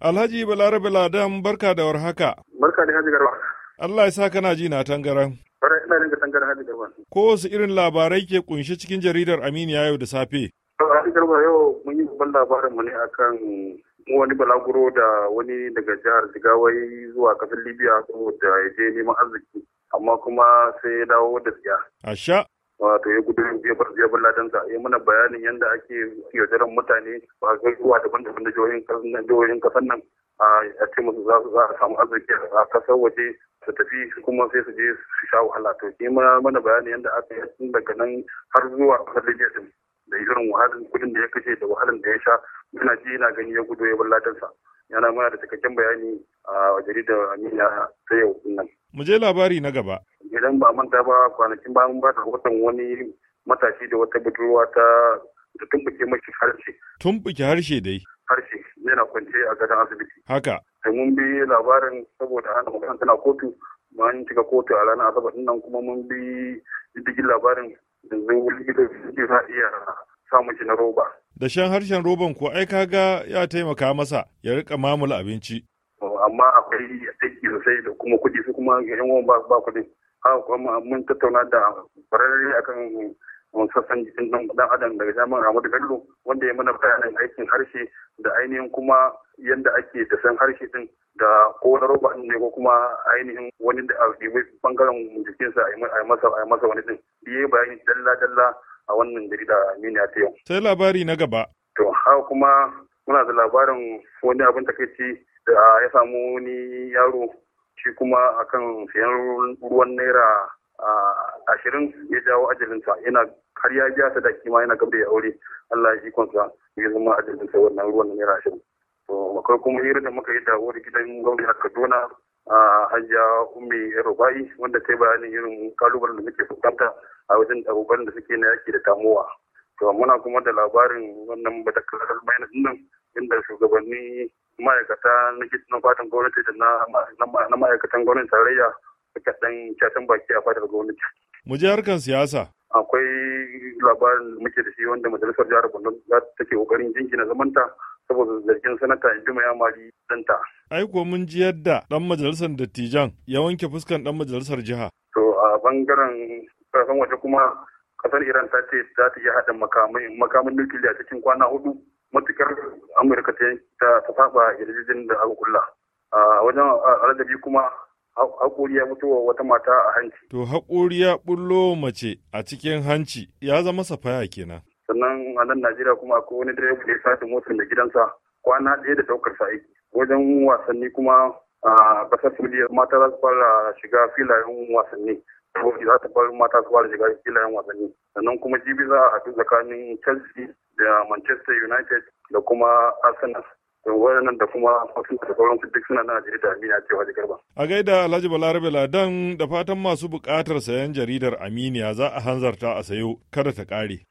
Alhaji Balarabe Ladan barka da warhaka. Barka da Haji Garba. Allah ya sa kana ji na tangaran. Barka ina jin tangaran Haji Garba. Ko wasu irin labarai ke kunshi cikin jaridar Aminiya yau da safe? Haji Garba yau mun yi babban labarin mu ne akan wani balaguro da wani daga jihar Jigawai zuwa kasar Libya saboda ya je neman arziki amma kuma sai ya dawo da tsiya. Asha. wato ya gudun jefar jefar ladansa ya mana bayanin yadda ake yaudaran mutane ba kai zuwa daban-daban da jihohin kasan nan a ce musu za su a samu arziki a kasar waje su tafi kuma sai su je su sha wahala to ya mana bayanin yadda aka yi daga nan har zuwa kasar libya din da irin wahalar kudin da ya kashe da wahalar da ya sha yana ji yana gani ya gudu ya ladansa yana mana da cikakken bayani a jaridar amina ta yau nan. mu je labari na gaba. idan ba manta ba kwanakin ba mun ba watan wani matashi da wata budurwa ta da tumbuke mashi harshe. Tumbuke harshe dai? Harshe yana kwance a gadon asibiti. Haka. Da mun bi labarin saboda ana magana tana kotu an cika kotu a ranar asabar nan kuma mun bi diddigin labarin yanzu likitoci suke za iya sa shi na roba. Da shan harshen roban ko ai kaga ya taimaka masa ya rika mamula abinci. Amma akwai aiki sosai da kuma kuɗi su kuma yan ba kuɗi. kuma mun tattauna da kwararre akan sassan jikin dan adam daga jami'ar Ahmadu Bello wanda ya mana bayanin aikin harshe da ainihin kuma yadda ake san harshe din da ko na roba ne ko kuma ainihin wani da bangaren jikinsa a masa wani din da ya bayani dalla-dalla a wannan jarida Aminiya ta yau. Sai labari na gaba. To haka kuma muna da labarin wani abin takaici da ya samu wani yaro shi kuma akan siyan ruwan naira ashirin ya jawo ajalinsa yana har biya ta da kima yana gab ya aure Allah ya ikonsa ya zama ajalinsa wannan ruwan naira ashirin to akwai kuma hira da muka yi da gidan gwamnati a Kaduna a hajja ummi rubai wanda ta yi bayanin irin kalubalen da muke fuskanta a wajen abubuwan da suke na yaki da tamowa to muna kuma da labarin wannan batakalar bayanan nan inda shugabanni ma'aikata na fatan gwamnati da na ma'aikatan gwamnatin tarayya suka kaɗan catan baki a fatar gwamnati. Mu je harkar siyasa. Akwai labarin da muke da shi wanda majalisar jihar Borno za ta ke ƙoƙarin jinkina zamanta saboda zargin sanata in jima ya mari danta. Ai ko mun ji yadda ɗan majalisar dattijan ya wanke fuskan ɗan majalisar jiha. To a bangaren ƙarfin waje kuma ƙasar Iran ta ce za ta iya haɗa makamin nukiliya cikin kwana hudu matukar amurka ta saba yarjejin da aka kulla a wajen aladabi kuma haƙuri ya wa wata mata a hanci. To haƙuri ya bullo mace a cikin hanci ya zama safaya kenan. Sannan a nan Najeriya kuma akwai wani direba da ya sace motar da gidansa kwana ɗaya da ɗaukar sa aiki. Wajen wasanni kuma a ƙasar Saudiya mata za su fara shiga filayen wasanni. Ko za ta bar mata su fara shiga filayen wasanni. Sannan kuma jibi za a haɗu tsakanin Chelsea da Manchester United da kuma Arsenal. waɗannan da kuma wasu da sauransu duk suna nan a jaridar Aminiya cewa da garba. A gaida Alhaji Balarabe Ladan da fatan masu buƙatar sayan jaridar Aminiya za a hanzarta a sayo kada ta ƙare.